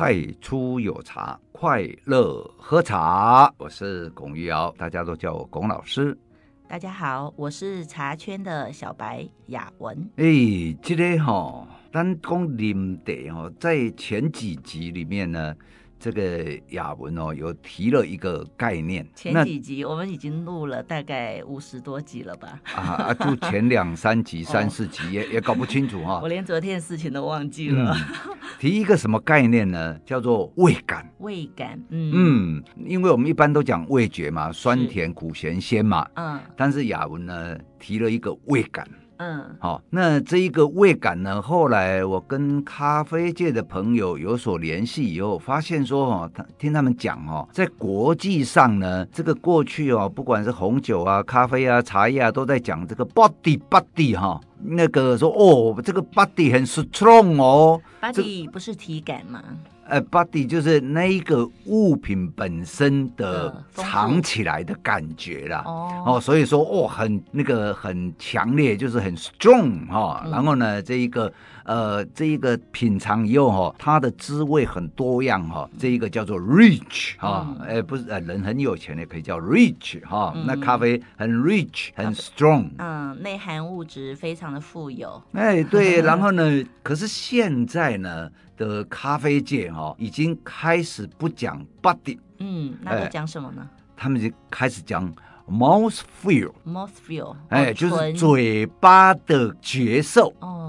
太初有茶，快樂喝茶。我是龔於堯，大家都叫我龔老師。大家好，我是茶圈的小白雅文。哎，這個哈、哦，咱講臨茶哈，在前幾集裡面呢。這個雅文哦，有提了一個概念。前幾集我們已經錄了大概五十多集了吧？啊啊，就前兩三集， 三四集也也搞不清楚哈，哦。 我連昨天的事情都忘記了，嗯。提一個什麼概念呢？叫做味感。味感，嗯嗯，因為我們一般都講味覺嘛，酸甜苦鹹鮮嘛，嗯，但是雅文呢提了一個味感。嗯，好、哦，那這一個味感呢，後來我跟咖啡界的朋友有所聯繫以後，發現說哦，他聽他們講哦，在國際上呢，這個過去哦，不管是紅酒啊、咖啡啊、茶葉啊，都在講這個 body body 哈、哦，那個說哦，這個 body 很 strong 哦，body 不是體感嗎？呃、uh，body 就是那一個物品本身的藏起來的感覺啦。嗯、哦，所以說哦，很那個很強烈，就是很 strong 哈、哦嗯，然後呢，這一個。呃，這一個品嘗以後哈，它的滋味很多樣哈、哦。這一個叫做 rich 啊，嗯、哎不是，呃，人很有錢的可以叫 rich 哈、啊嗯。那咖啡很 rich 咖啡很 strong。嗯，內含物質非常的富有。哎，對。 然後呢，可是現在呢的咖啡界哈、哦，已經開始不講 body。嗯，那在講什麼呢、哎？他們就開始講 mouth feel。mouth feel 哎。哎、哦，就是嘴巴的覺受。哦。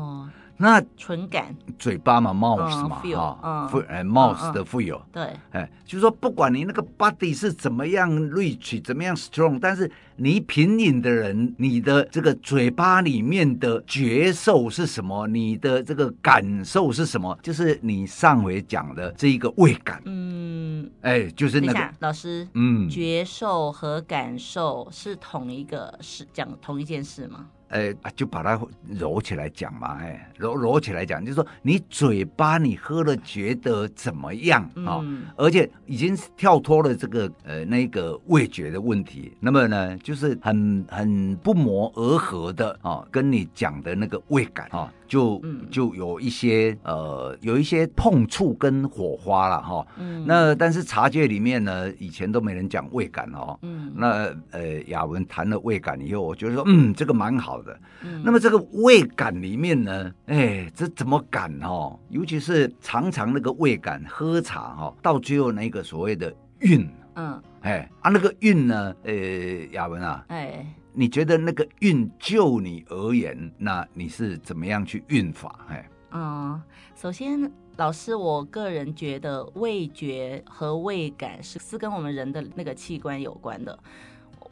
那唇感，嘴巴嘛，mouth、嗯、嘛，啊、嗯，富、哦，哎、嗯、mouth、嗯、的富有，對，哎，就是、說不管你那個 body 是怎麼樣 rich，怎麼樣 strong，但是你品飲的人，你的這個嘴巴裡面的覺受是什麼？你的這個感受是什麼？就是你上回講的這一個味感，嗯，哎，就是那個你看老師，嗯，覺受和感受是同一個事，講同一件事嗎？哎、欸，就把它揉起來講嘛，哎、欸，揉揉起來講，就是說你嘴巴你喝了覺得怎麼樣啊、嗯哦？而且已經是跳脫了這個呃那個味覺的問題，那麼呢，就是很很不謀而合的啊、哦，跟你講的那個味感啊、哦，就、嗯、就有一些呃有一些碰觸跟火花了哈、哦嗯。那但是茶界裡面呢，以前都沒人講味感哦。嗯、那呃、欸，雅文談了味感以後，我覺得說嗯，這個蠻好的。嗯、那麼這個味感裡面呢，哎，這怎麼感哈、哦？尤其是常常那個味感，喝茶哈、哦，到最後那個所謂的韻，嗯，哎啊，那個韻呢，呃、哎，雅文啊，哎，你覺得那個韻就你而言，那你是怎麼樣去韻法？哎，嗯，首先，老師，我個人覺得味覺和味感是是跟我們人的那個器官有關的。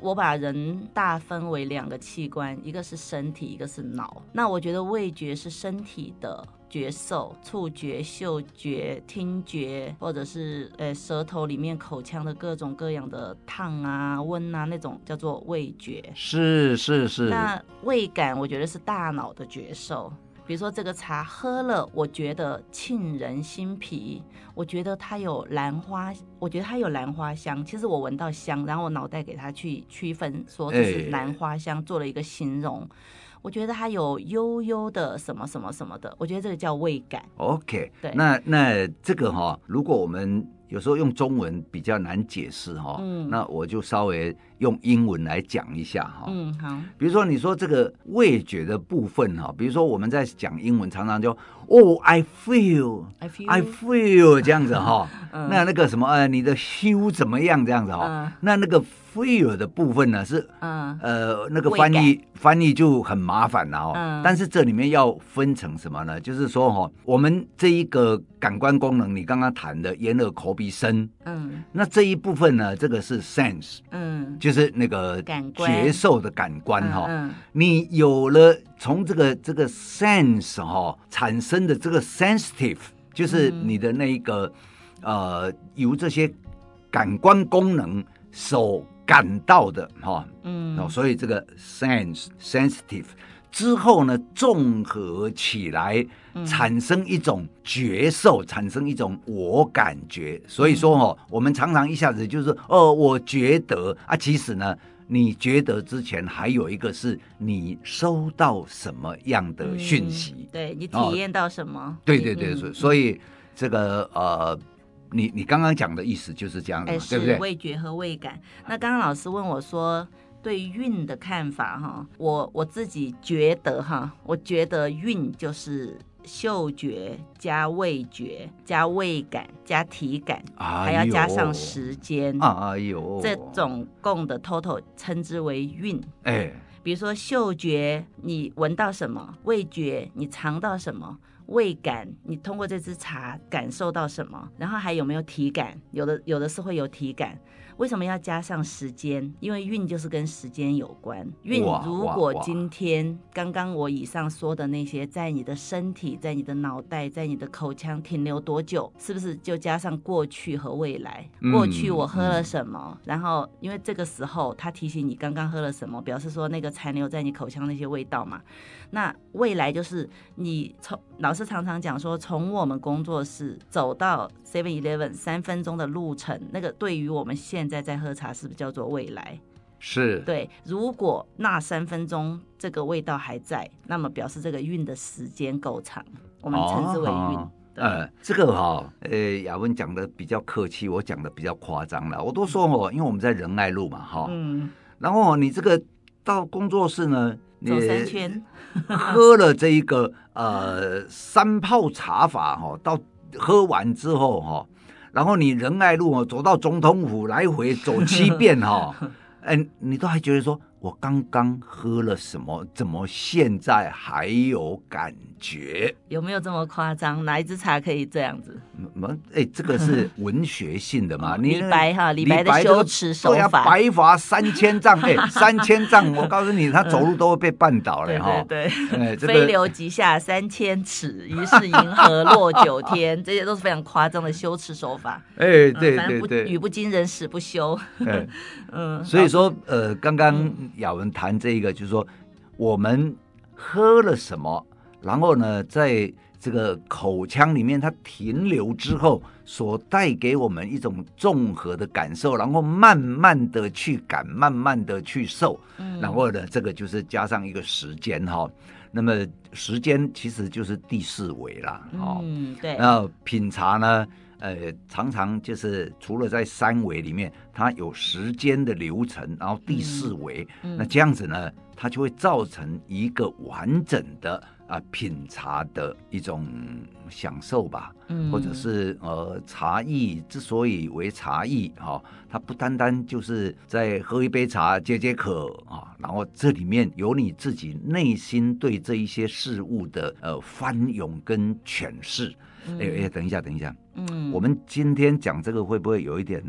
我把人大分為兩個器官，一個是身體，一個是腦。那我覺得味覺是身體的覺受，觸覺、嗅覺、聽覺，或者是呃舌頭裡面口腔的各種各樣的燙啊、溫啊那種，叫做味覺。是是是。那味感，我覺得是大腦的覺受。比如說這個茶喝了，我覺得沁人心脾，我覺得它有蘭花，我覺得它有蘭花香。其實我聞到香，然後我腦袋給它去區分，說它是蘭花香、哎，做了一個形容。我覺得它有悠悠的什麼什麼什麼的，我覺得這個叫味感。OK，對，那那這個哈、哦，如果我們有時候用中文比較難解釋哈、哦，嗯，那我就稍微用英文來講一下哈、哦，嗯，好，比如說你說這個味覺的部分哈、哦，比如說我們在講英文常常就哦、oh,，I feel，I feel，, I feel. I feel. 這樣子哈、哦嗯，那那個什麼呃，你的 feel 怎麼樣這樣子哈、哦嗯，那那個。特有的部分呢是、嗯，呃，那個翻譯翻譯就很麻煩了哦、嗯。但是這裡面要分成什麼呢？就是說哈、哦，我們這一個感官功能，你剛剛談的眼、耳、口、鼻、身，嗯，那這一部分呢，這個是 sense，嗯，就是那個接受的感官哈、哦嗯嗯。你有了從這個這個 sense 哈、哦、產生的這個 sensitive，就是你的那一個、嗯、呃，由這些感官功能手。感到的哈、哦，嗯，所以這個 sense sensitive 之後呢，綜合起來、嗯、產生一種覺受，產生一種我感覺。嗯、所以說、哦、我們常常一下子就是，哦，我覺得啊，其實呢，你覺得之前還有一個是你收到什麼樣的訊息，嗯、對，你體驗到什麼、哦？對對對，所以這個呃。你你剛剛講的意思就是這樣的、哎、對不對？味覺和味感。那剛剛老師問我說對“韻”的看法哈，我我自己覺得哈，我覺得“韻”就是嗅覺加味覺加味感加體感，哎、還要加上時間啊、哎、這種共的 total 稱之為“韻”。哎，比如說嗅覺，你聞到什麼？味覺，你嘗到什麼？味感，你通過這支茶感受到什麼？然後還有沒有體感？有的，有的是會有體感。為什麼要加上時間？因為韻就是跟時間有關。韻如果今天剛剛我以上說的那些，在你的身體、在你的腦袋、在你的口腔停留多久，是不是就加上過去和未來？過去我喝了什麼？嗯，然後因為這個時候他提醒你剛剛喝了什麼，表示說那個殘留在你口腔那些味道嘛。那未來就是你從老師常常講說，從我們工作室走到 Seven Eleven 三分鐘的路程，那個對於我們現在在喝茶是不是叫做未來？是對。如果那三分鐘這個味道還在，那麼表示這個韻的時間夠長，我們稱之為韻。哦哦。呃，這個哈、哦，呃、欸，雅文講得比較客氣，我講得比較誇張了。我都說哦，因為我們在仁愛路嘛，哈、哦，嗯，然後、哦、你這個到工作室呢，你走三圈， 喝了這一個呃三泡茶法哈、哦，到喝完之後哈、哦。然後你仁愛路走到總統府來回走七遍哈、哦 哎，你都還覺得說我剛剛喝了什麼，怎麼現在還有感覺？有沒有這麼誇張？哪一支茶可以這樣子？麼？哎，這個是文學性的嘛？李白哈，李白的修辭手法，“白髮三千丈”哎， 三千丈，我告訴你，他走路都會被絆倒了。哈、 嗯嗯！對對，對，飛、嗯、流直下三千尺，疑 是銀河落九天， 這些都是非常誇張的修辭手法。哎，對對對，對、嗯不，語不驚人死不休。 嗯，所以說呃，剛剛雅文談這一個，嗯、這一個就是說我們喝了什麼，然後呢，在。這個口腔裡面，它停留之後所帶給我們一種綜合的感受，然後慢慢的去感，慢慢的去受，嗯、然後呢，這個就是加上一個時間哈、哦，那麼時間其實就是第四維啦。嗯，對，然後品茶呢。呃，常常就是除了在三維裡面，它有時間的流程，然後第四維，嗯嗯、那這樣子呢，它就會造成一個完整的啊、呃、品茶的一種享受吧，嗯，或者是呃，茶藝之所以為茶藝哈、哦，它不單單就是在喝一杯茶解解渴啊，然後這裡面有你自己內心對這一些事物的呃翻湧跟詮釋。哎、欸、哎、欸，等一下，等一下，嗯，我們今天講這個會不會有一點？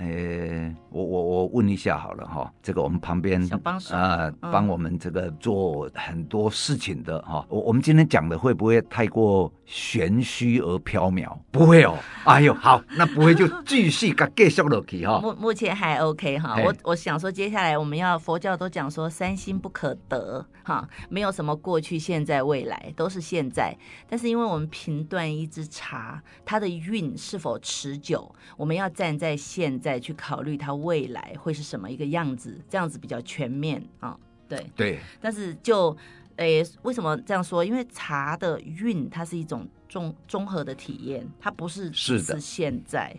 誒，我我我問一下好了哈，這個我們旁邊啊幫、呃、幫我們這個做很多事情的哈、嗯哦，我我們今天講的會不會太過玄虛而縹緲？不會哦，哎呦， 好，那不會就繼續給介紹落去哈。目 、哦、目前還 OK 哈，我我想說接下來我們要，佛教都講說三心不可得哈，沒有什麼過去、現在、未來，都是現在。但是因為我們評斷一支茶它的韻是否持久，我們要站在現在。再去考慮它未來會是什麼一個樣子，這樣子比較全面啊、哦。對對，但是就誒、欸，為什麼這樣說？因為茶的韻，它是一種綜綜合的體驗，它不是只是現在是，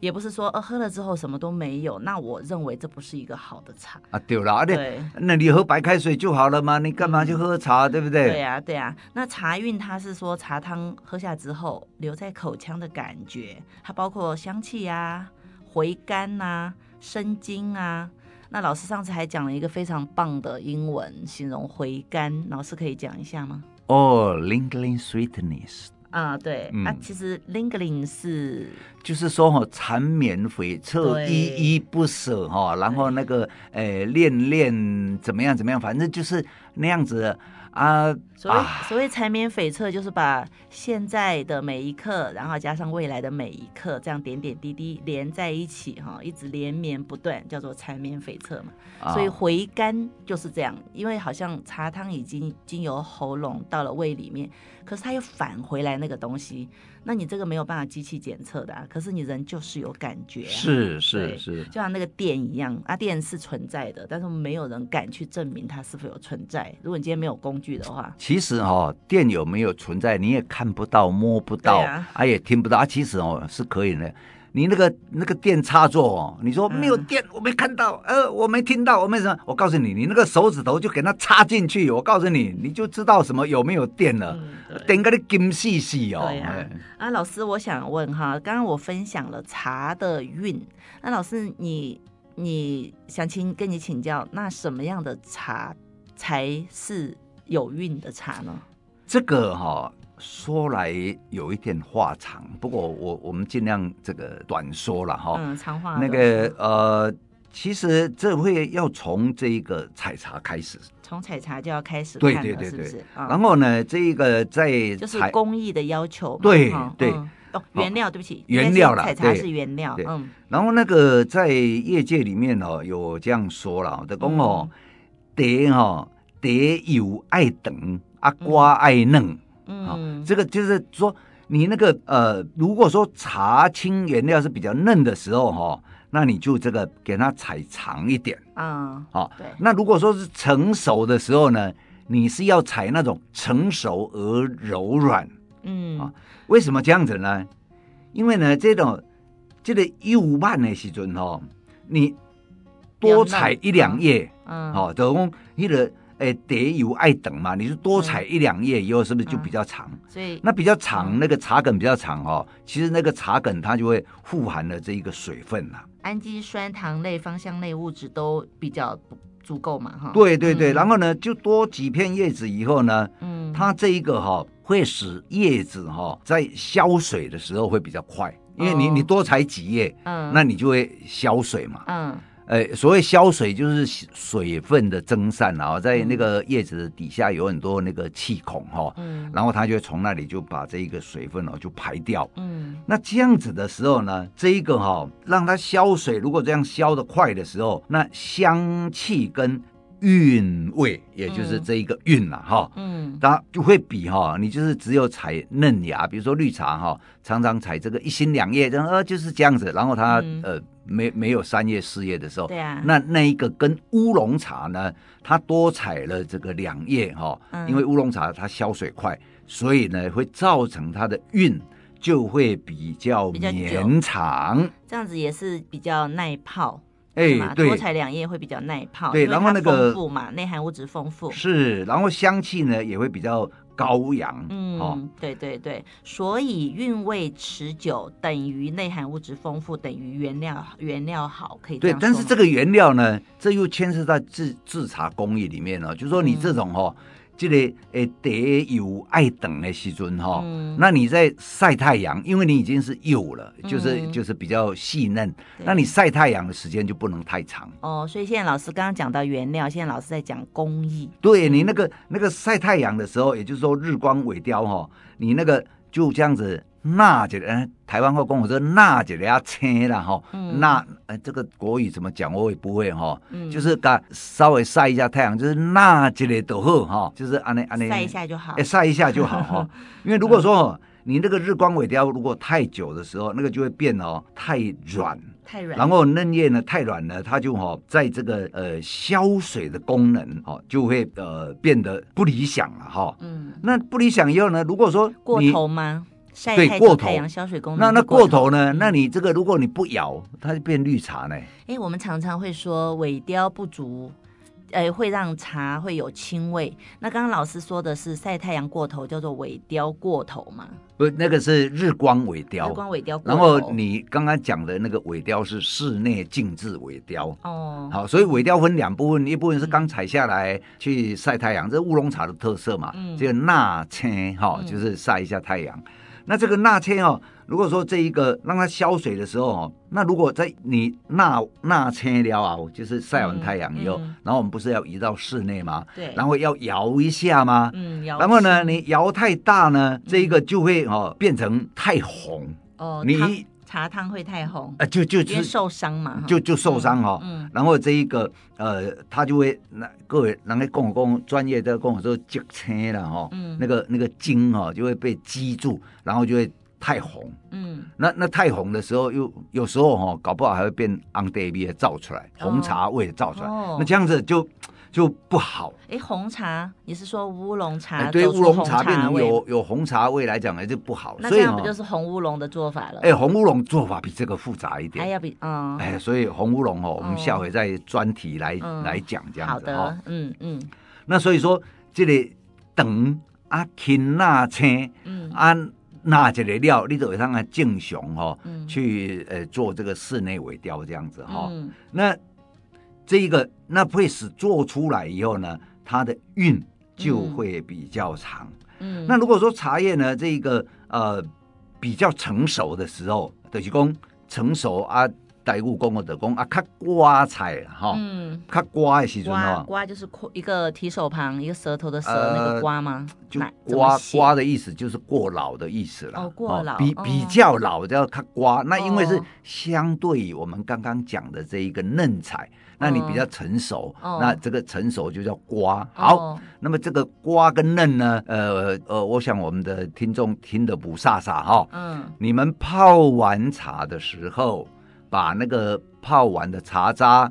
也不是說呃喝了之後什麼都沒有。那我認為這不是一個好的茶啊。對了，對，那你喝白開水就好了嘛，你幹嘛去喝茶、嗯，對不對？對啊，對啊。那茶韻它是說茶湯喝下之後留在口腔的感覺，它包括香氣呀、啊。回甘吶、啊，生津啊。那老師上次還講了一個非常棒的英文形容回甘，老師可以講一下嗎？哦、oh，lingling sweetness。啊，對、嗯，啊，其實 lingling 是，就是說哈，纏綿悱惻，依依不捨，然後那個誒，戀、呃、戀怎麼樣怎麼樣，反正就是。那樣子，呃、啊，所謂所謂纏綿悱惻，就是把現在的每一刻，然後加上未來的每一刻，這樣點點滴滴連在一起，哈，一直連綿不斷，叫做纏綿悱惻嘛。所以回甘就是這樣，因為好像茶湯已經已經由喉嚨到了胃裡面，可是它又返回來那個東西。那你這個沒有辦法機器檢測的、啊，可是你人就是有感覺、啊，是是是，是，就像那個電一樣啊，電是存在的，但是沒有人敢去證明它是否有存在。如果你今天沒有工具的話，其實哈、哦，電有沒有存在，你也看不到、摸不到，啊，啊也聽不到。啊其實哦，是可以的。你那個那個電插座哦，你說沒有電，嗯，我沒看到，呃，我沒聽到，我沒什麼，我告訴你，你那個手指頭就給它插進去，我告訴你，你就知道什麼有沒有電了，等個金細細哦啊，哎。啊，老師，我想問哈，剛剛我分享了茶的韻，那老師你你想請跟你請教，那什麼樣的茶才是有韻的茶呢？這個哈，哦。說來有一點話長，不過我我們盡量這個短說了哈。嗯，長話、啊、那個呃，其實這會要從這一個採茶開始，從採茶就要開始，是不是？對對對對、嗯、然後呢，這一個在就是工藝的要求。對、嗯、對、對、哦、原料，對不起，原料了，採茶是原料。嗯，然後那個在業界裡面哦，有這樣說了，就講哦，得哈得有愛等阿瓜愛嫩，嗯。嗯哦這個就是說，你那個呃，如果說茶青原料是比較嫩的時候哈、哦，那你就這個給它採長一點啊。好、嗯哦，那如果說是成熟的時候呢，你是要採那種成熟而柔軟。嗯、哦、為什麼這樣子呢？因為呢，這種這個幼半的時陣哈、哦，你多採一兩葉，嗯，好、嗯哦，就講你的。哎、欸，得有愛等嘛，你就多採一兩葉以後，是不是就比較長？嗯嗯、所以那比較長，那個茶梗比較長哦。其實那個茶梗它就會富含了這一個水分吶、啊，氨基酸、糖類、芳香類物質都比較足夠嘛，哈、哦。對對對、嗯，然後呢，就多幾片葉子以後呢，嗯，它這一個哈、哦、會使葉子哈、哦、在消水的時候會比較快，因為你、嗯、你多採幾葉，嗯，那你就會消水嘛，嗯。欸、所謂消水就是水分的蒸散啊，在那個葉子底下有很多那個氣孔哈、哦，嗯，然後它就從那裡就把這一個水分、哦、就排掉，嗯，那這樣子的時候呢，這一個哈、哦、讓它消水，如果這樣消得快的時候，那香氣跟韻味，也就是這一個韻了、啊、哈，嗯，它、嗯、就會比哈、哦，你就是只有採嫩芽，比如說綠茶哈、哦，常常採這個一心兩葉，然後、呃、就是這樣子，然後它、嗯、呃。沒沒有三葉四葉的時候，對啊、那那一個跟烏龍茶呢，它多採了這個兩葉哈、哦嗯，因為烏龍茶它消水快，所以呢會造成它的韻就會比較綿長，比較久，這樣子也是比較耐泡。哎，對，多採兩葉會比較耐泡，對，然後那個豐富嘛，內含物質豐富，是，然後香氣呢也會比較高揚，嗯，哦，對對對，所以韻味持久等於內含物質豐富，等於原料原料好，可以。對，但是這個原料呢，這又牽涉在制制茶工藝裡面了哦，就是說你這種哦。嗯這個誒、哦，得有愛等的細尊哈，那你在曬太陽，因為你已經是幼了，就是就是比較細嫩、嗯，那你曬太陽的時間就不能太長哦。所以現在老師剛剛講到原料，現在老師在講工藝。對，你那個那個曬太陽的時候，也就是說日光萎凋哈、哦，你那個就這樣子。那就是台灣話講，我說那就是要青了哈。那哎、嗯欸，這個國語怎麼講？我也不會哈、哦嗯。就是噶稍微曬一下太陽，就是那就是多好哈、哦。就是安尼安尼曬一下就好，哎、欸，曬一下就好哈。 因為如果說、嗯、你那個日光萎凋，如果太久的時候，那個就會變哦，太軟，太軟。然後嫩葉呢，太軟了，它就哈，在這個呃消水的功能哦，就會呃變得不理想了哈、哦。嗯，那不理想以後呢，如果說過頭嗎？曬太陽，太消水功能的。那那過頭呢？那你這個，如果你不搖，它就變綠茶呢。哎、欸，我們常常會說萎凋不足，哎、呃，會讓茶會有青味。那剛剛老師說的是曬太陽過頭，叫做萎凋過頭嗎？不，那個是日光萎凋，嗯、日光萎凋過頭。過然後你剛剛講的那個萎凋是室內靜置萎凋。哦，好，所以萎凋分兩部分，一部分是剛採下來去曬太陽、嗯，這烏龍茶的特色嘛，嗯、就納青哈，就是曬一下太陽。那這個納車哦，如果說這一個讓它消水的時候哦，那如果在你納納車了啊，就是曬完太陽以後、嗯嗯，然後我們不是要移到室內嗎？然後要搖一下嗎？嗯，然後呢，你搖太大呢，嗯、這一個就會哦變成太紅。哦、呃，你。茶湯會太紅啊，就就就受傷嘛，就就受傷哦嗯。嗯，然後這一個呃，他就會那各位跟我工工專業說說的工說擠車了哈，嗯，那個那個筋啊，哦、就會被擊住，然後就會太紅。嗯，那那太紅的時候，又有，有時候哈，哦，搞不好還會變昂，n t 的造出來紅茶味的造出來，出來哦，那這樣子就。就不好哎、欸，紅茶，你是說烏龍茶、欸、對烏龍茶變成有紅有紅茶味來講呢就不好，那這樣不就是紅烏龍的做法了？哎、哦欸，紅烏龍做法比這個複雜一點，哎、啊，要比嗯哎、哦欸，所以紅烏龍哦,哦，我們下回再專題來、嗯、來講這樣子哈、哦，嗯嗯。那所以說，這裡、個、等啊，青那車，嗯、啊，按哪幾個料，你就會通來正常哈去呃做這個室內萎凋這樣子哈、哦嗯，那。這一個那會使做出來以後呢，它的韻就會比較長嗯。嗯，那如果說茶葉呢，這一個呃比較成熟的時候，等於講成熟啊，待過工或者工啊，卡瓜採哈，卡瓜的時候呢。瓜、嗯、就是一個提手旁一個舌頭的舌、呃、那個瓜嗎？就瓜瓜的意思就是過老的意思了。哦，過老、哦、比比較老叫卡瓜。那因為是相對於我們剛剛講的這一個嫩採。那你比較成熟、嗯，那這個成熟就叫瓜、哦。好，那麼這個瓜跟嫩呢，呃呃，我想我們的聽眾聽得不煞煞哈。嗯，你們泡完茶的時候，把那個泡完的茶渣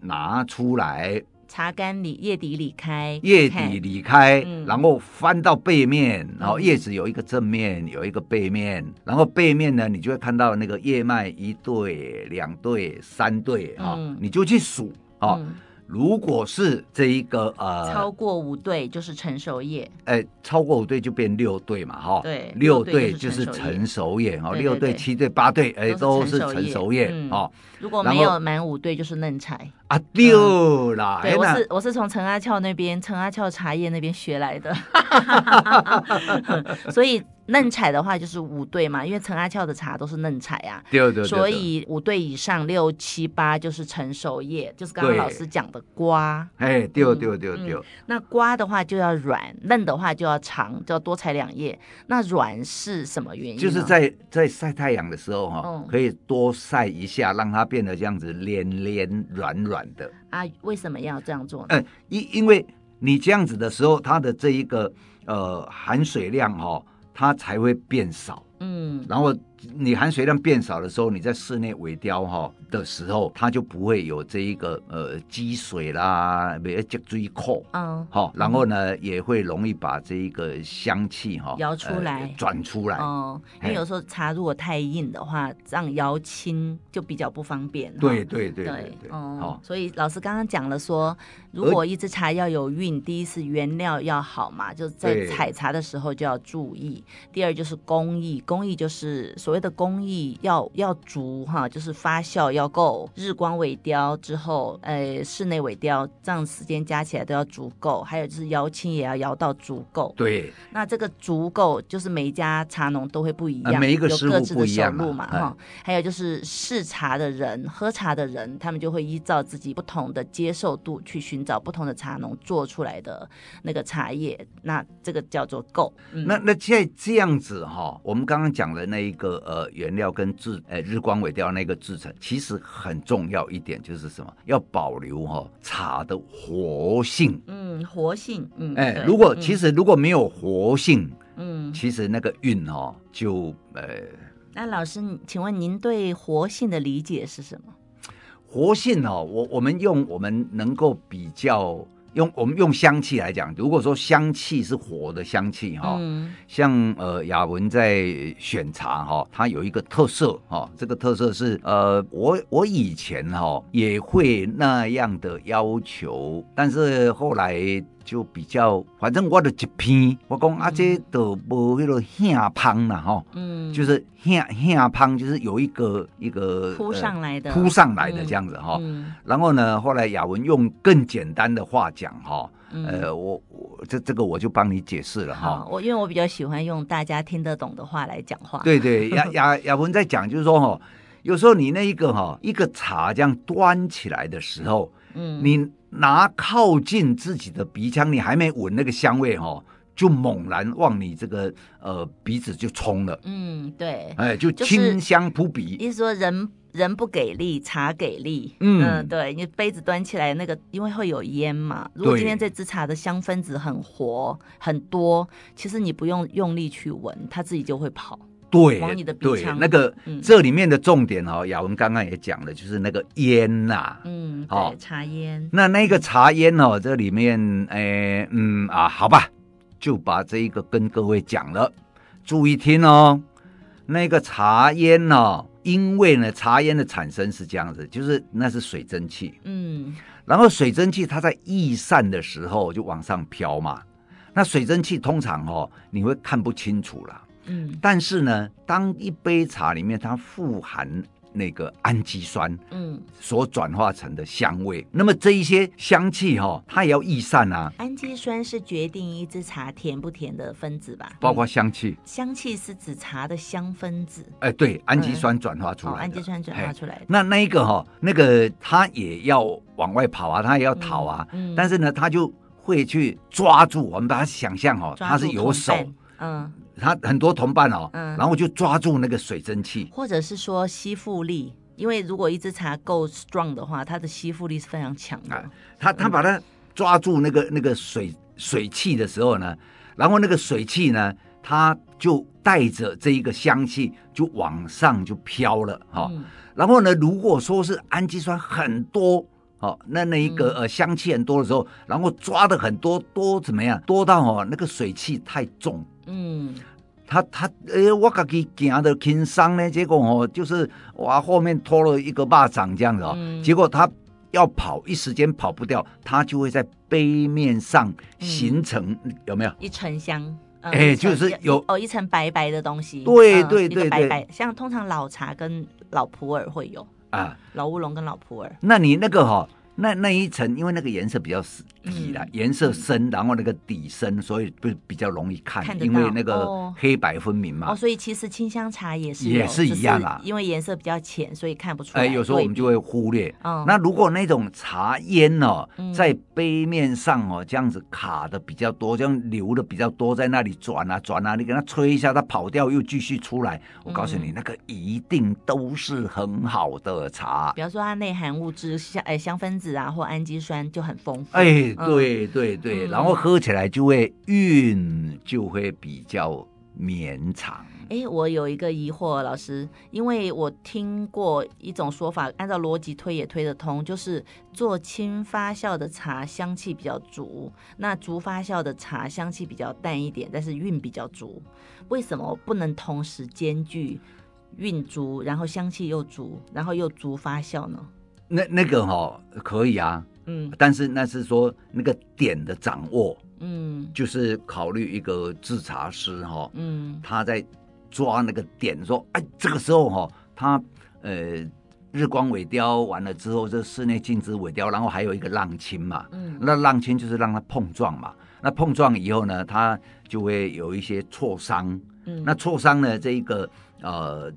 拿出來。茶乾裡葉底離開，葉底離開、嗯，然後翻到背面，然後葉子有一個正面、嗯，有一個背面，然後背面呢，你就會看到那個葉脈一對、兩對、三對啊、嗯哦，你就去數啊。哦嗯如果是這一個呃，超過五對就是成熟葉，哎、欸，超過五對就變六對嘛，哈，對，六對就是成熟葉哦，六對，對，對，對，對，對、七對、八對，哎、欸，都是成熟葉、嗯、哦。如果沒有滿五對，就是嫩採、嗯、啊六啦、嗯！對、欸、我是我是從陳阿俏那邊，陳阿俏茶葉那邊學來的， 所以。嫩採的話就是五對嘛，因為陳阿俏的茶都是嫩採呀、啊。對，對對對。所以五對以上六七八就是成熟葉，就是剛剛老師講的瓜。哎、嗯，對對對對、嗯。那瓜的話就要軟，嫩的話就要長，就要多採兩葉。那軟是什麼原因？就是在在曬太陽的時候哈、哦嗯，可以多曬一下，讓它變得這樣子黏黏軟軟的。啊，為什麼要這樣做呢？呢、呃、因因為你這樣子的時候，它的這一個呃含水量哈、哦。它才會變少，嗯，然後，你含水量變少的時候，你在室內萎凋哈的時候，它就不會有這一個呃積水啦，別注意扣，嗯，好，然後呢、嗯、也會容易把這一個香氣哈搖出來轉、呃、出來，哦，因為有時候茶如果太硬的話，讓搖青就比較不方便，嗯、對對對對，對，對，對、嗯、哦，所以老師剛剛講了說，如果一支茶要有韻，第一是原料要好嘛，就在採茶的時候就要注意，第二就是工藝，工藝就是所謂的工藝要要足哈，就是發酵要夠，日光萎凋之後，誒、呃，室內萎凋，這樣時間加起來都要足夠，還有就是搖青也要搖到足夠。對，那這個足夠就是每一家茶農都會不一樣，呃、每一個師傅不一樣、啊、嘛一樣、啊嗯。還有就是試茶的人、喝茶的人，他們就會依照自己不同的接受度去尋找不同的茶農做出來的那個茶葉，那這個叫做夠、嗯。那那在這樣子哈、哦，我們剛剛講的那一個。呃，原料跟製，呃、欸，日光萎凋那個製成，其實很重要一點就是什麼，要保留哈、哦、茶的活性。嗯，活性。嗯，哎、欸，如果、嗯、其實如果沒有活性，嗯，其實那個韻哈、哦、就呃。那老師，請問您對活性的理解是什麼？活性哦，我我們用我們能夠比較。用我們用香氣來講，如果說香氣是活的香氣哈、哦嗯，像呃雅文在選茶哈、哦，它有一個特色哈、哦，這個特色是呃我我以前哈、哦、也會那樣的要求，但是後來。就比較，反正我的一篇，我講阿這都不，那個很胖了哈，嗯，就,嗯哦、就是很很胖，就是有一個一個撲上來的撲、呃、上來的這樣子哈、嗯嗯。然後呢，後來雅文用更簡單的話講哈，呃，嗯、我我這這個我就幫你解釋了哈。我、哦、因為我比較喜歡用大家聽得懂的話來講話。對對,對，雅雅雅文在講就是說哈，有時候你那一個哈一個茶這樣端起來的時候，嗯，你。拿靠近自己的鼻腔，你還沒聞那個香味哦，就猛然往你這個呃鼻子就衝了。嗯，對，哎，就清香撲鼻。就是、意思說人，人人不給力，茶給力。嗯，呃、對你杯子端起來那個，因為會有煙嘛。如果今天這支茶的香分子很活很多，其實你不用用力去聞，它自己就會跑。對對、嗯，那個這裡面的重點哈、哦，雅文剛剛也講了，就是那個煙吶、啊，嗯，哦，茶煙、哦，那那個茶煙哦，這裡面，哎、呃，嗯啊，好吧，就把這一個跟各位講了，注意聽哦。那個茶煙呢、哦，因為呢，茶煙的產生是這樣子，就是那是水蒸氣，嗯，然後水蒸氣它在逸散的時候就往上飄嘛，那水蒸氣通常哦，你會看不清楚啦。嗯、但是呢，當一杯茶裡面它富含那個氨基酸，嗯，所轉化成的香味、嗯，那麼這一些香氣哈、哦，它也要逸散啊。氨基酸是決定一支茶甜不甜的分子吧？包括香氣、嗯，香氣是指茶的香分子。哎、欸，對，氨基酸轉化出來氨、嗯、基酸轉化出來、嗯、那那一個哈、哦，那個它也要往外跑啊，它也要逃啊。嗯嗯、但是呢，它就會去抓住我們把它想象哈、哦，它是有手，嗯。他很多同伴哦、嗯，然後就抓住那個水蒸氣，或者是說吸附力，因為如果一支茶夠 strong 的話，它的吸附力是非常強的。啊、他他把它抓住那個那個水水氣的時候呢，然後那個水氣呢，它就帶着這一個香氣就往上就飄了哈、哦嗯。然後呢，如果說是氨基酸很多哦，那那一個、嗯、呃香氣很多的時候，然後抓得很多多怎麼樣？多到哦那個水氣太重，嗯。他他呃我家己他的輕傷呢，結果我、哦、就是我後面拖了一個巴掌這樣子哦、嗯，結果他要跑，一時間跑不掉，他就會在杯面上形成、嗯、有沒有一層香？哎、嗯欸，就是有哦，一層白白的東西。對、嗯、對對白，白對，像通常老茶跟老普洱會有啊、嗯，老烏龍跟老普洱。那你那個哈、哦，那那一層，因為那個顏色比較底的顏色深，然後那個底深，所以不比較容易看、看，因為那個黑白分明嘛。哦，哦，所以其實清香茶也是也是一樣啦，就是、因為顏色比較淺，所以看不出來。哎，有時候我們就會忽略。哦，那如果那種茶煙呢、哦嗯，在杯面上哦，這樣子卡的比較多，這樣流的比較多，在那裡轉啊轉啊，你給它吹一下，它跑掉又繼續出來。我告訴你、嗯，那個一定都是很好的茶。嗯、比方說，它內含物質香，哎、欸、香分子啊，或氨基酸就很豐富。哎。對對對，對、嗯，然後喝起來就會韻就會比較綿長。哎、嗯，我有一個疑惑，老師，因為我聽過一種說法，按照邏輯推也推得通，就是做輕發酵的茶香氣比較足，那足發酵的茶香氣比較淡一點，但是韻比較足。為什麼不能同時兼具韻足，然後香氣又足，然後又足發酵呢？那那個好、哦、可以啊。嗯，但是那是說那個點的掌握，嗯，就是考慮一個製茶師哈、哦，嗯，他在抓那個點說，哎，這個時候哈、哦，他呃，日光萎凋完了之後，就室內靜置萎凋，然後還有一個浪青嘛，嗯，那浪青就是讓它碰撞嘛，那碰撞以後呢，它就會有一些挫傷，嗯，那挫傷呢，這一個呃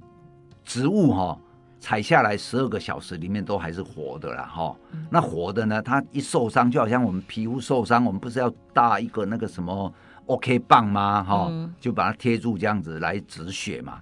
植物哈、哦。採下來十二個小時裡面都還是活的啦，哈、嗯，那活的呢，它一受傷就好像我們皮膚受傷，我們不是要搭一個那個什麼 OK 棒嗎？哈、嗯，就把它貼住這樣子來止血嘛，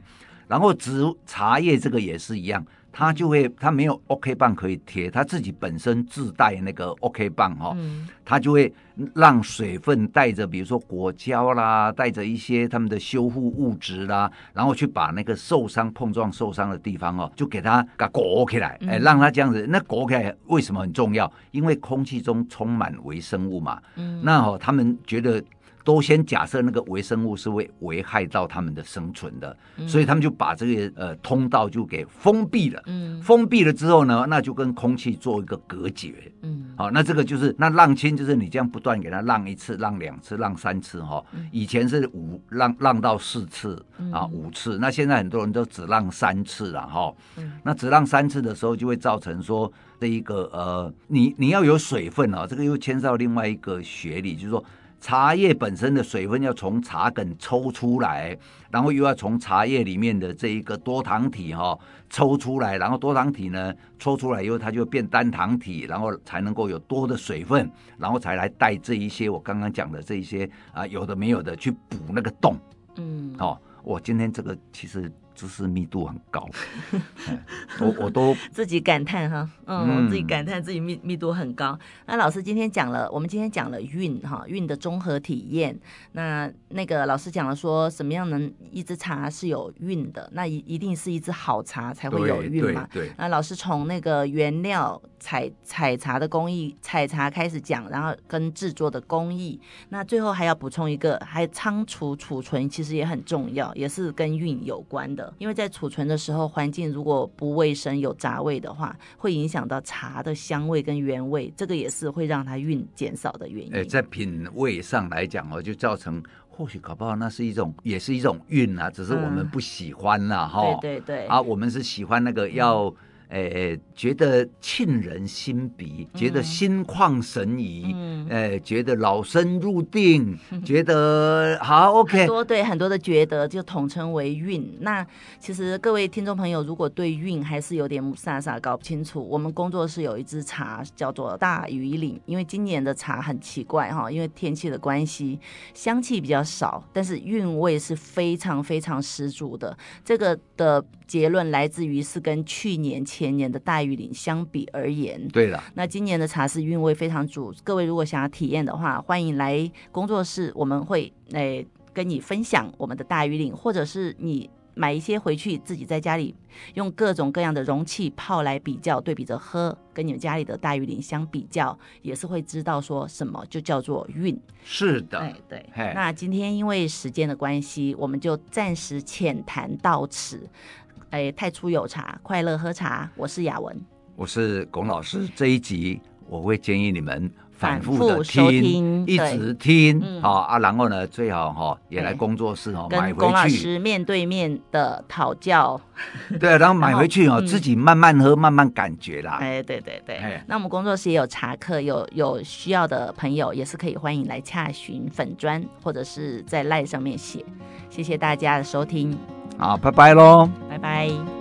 然後植茶葉這個也是一樣。他就會，他沒有 OK 棒可以貼，他自己本身自帶那個 OK 棒哦、嗯，他就會讓水分帶着，比如說果膠啦，帶着一些他們的修復物質啦，然後去把那個受傷、碰撞受傷的地方哦，就給它給他裹起來，哎、嗯欸，讓它這樣子。那裹起來為什麼很重要？因為空氣中充滿微生物嘛，嗯、那、哦、他們覺得。都先假設那個微生物是會危害到他們的生存的，嗯、所以他們就把這個呃通道，就給封閉了。嗯，封閉了之後呢，那就跟空氣做一個隔絕。嗯，好、哦，那這個就是那浪清就是你這樣不斷給它浪一次、浪兩次、浪三次哈、哦嗯。以前是五浪浪到四次啊，五次、嗯。那現在很多人都只浪三次了、啊、哈、哦嗯。那只浪三次的時候，就會造成說這一個呃，你你要有水分啊、哦，這個又牽涉到另外一個學理就是說。茶葉本身的水分要從茶梗抽出來，然後又要從茶葉裡面的這一個多糖體哈、哦、抽出來，然後多糖體呢抽出來以後，它就變單糖體，然後才能夠有多的水分，然後才來帶這一些我剛剛講的這一些啊、呃、有的沒有的去補那個洞。嗯，好、哦，我今天這個其實。知識密度很高， 哎、我我都自己感嘆哈，嗯，嗯我自己感嘆自己密密度很高。那老師今天講了，我們今天講了韻哈，韻的綜合體驗。那那個老師講了說，什麼樣能一支茶是有韻的？那一一定是一支好茶才會有韻嘛。對，那老師從那個原料採採茶的工藝，採茶開始講，然後跟製作的工藝，那最後還要補充一個，還倉儲儲存其實也很重要，也是跟韻有關的。因為在儲存的時候，環境如果不衛生、有雜味的話，會影響到茶的香味跟原味，這個也是會讓它韻減少的原因。哎、欸，在品味上來講哦，就造成或許搞不好那是一種，也是一種韻啊，只是我們不喜歡了、啊、哈、嗯哦。對對對啊，我們是喜歡那個要、嗯。哎，覺得沁人心脾，覺得心曠神怡，嗯、哎，覺得老僧入定，嗯、覺得好 OK，很多對很多的覺得就統稱為韻。那其實各位聽眾朋友，如果對韻還是有點傻傻搞不清楚，我們工作室有一支茶叫做大禹嶺，因為今年的茶很奇怪哈，因為天氣的關係，香氣比較少，但是韻味是非常非常十足的。這個的結論來自於是跟去年前。前年的大禹嶺相比而言，對的。那今年的茶是韻味非常足。各位如果想要體驗的話，歡迎來工作室，我們會誒、呃、跟你分享我們的大禹嶺，或者是你買一些回去自己在家裡用各種各樣的容器泡來比較對比着喝，跟你們家裡的大禹嶺相比較，也是會知道說什麼就叫做韻。是的，對對。那今天因為時間的關係，我們就暫時淺談到此。哎，太初有茶，快樂喝茶。我是雅文，我是龔老師。這一集我會建議你們反覆的聽，聽一直聽，好、哦嗯、啊。然後呢，最好哈、哦、也來工作室哦，跟龔老師面對面的討教。對、啊，然後，然後買回去哦、嗯，自己慢慢喝，慢慢感覺啦。哎，對對對，對、哎。那我們工作室也有茶課，有有需要的朋友也是可以歡迎來洽詢粉磚，或者是在賴上面寫。謝謝大家的收聽。好，拜拜嘍！拜拜。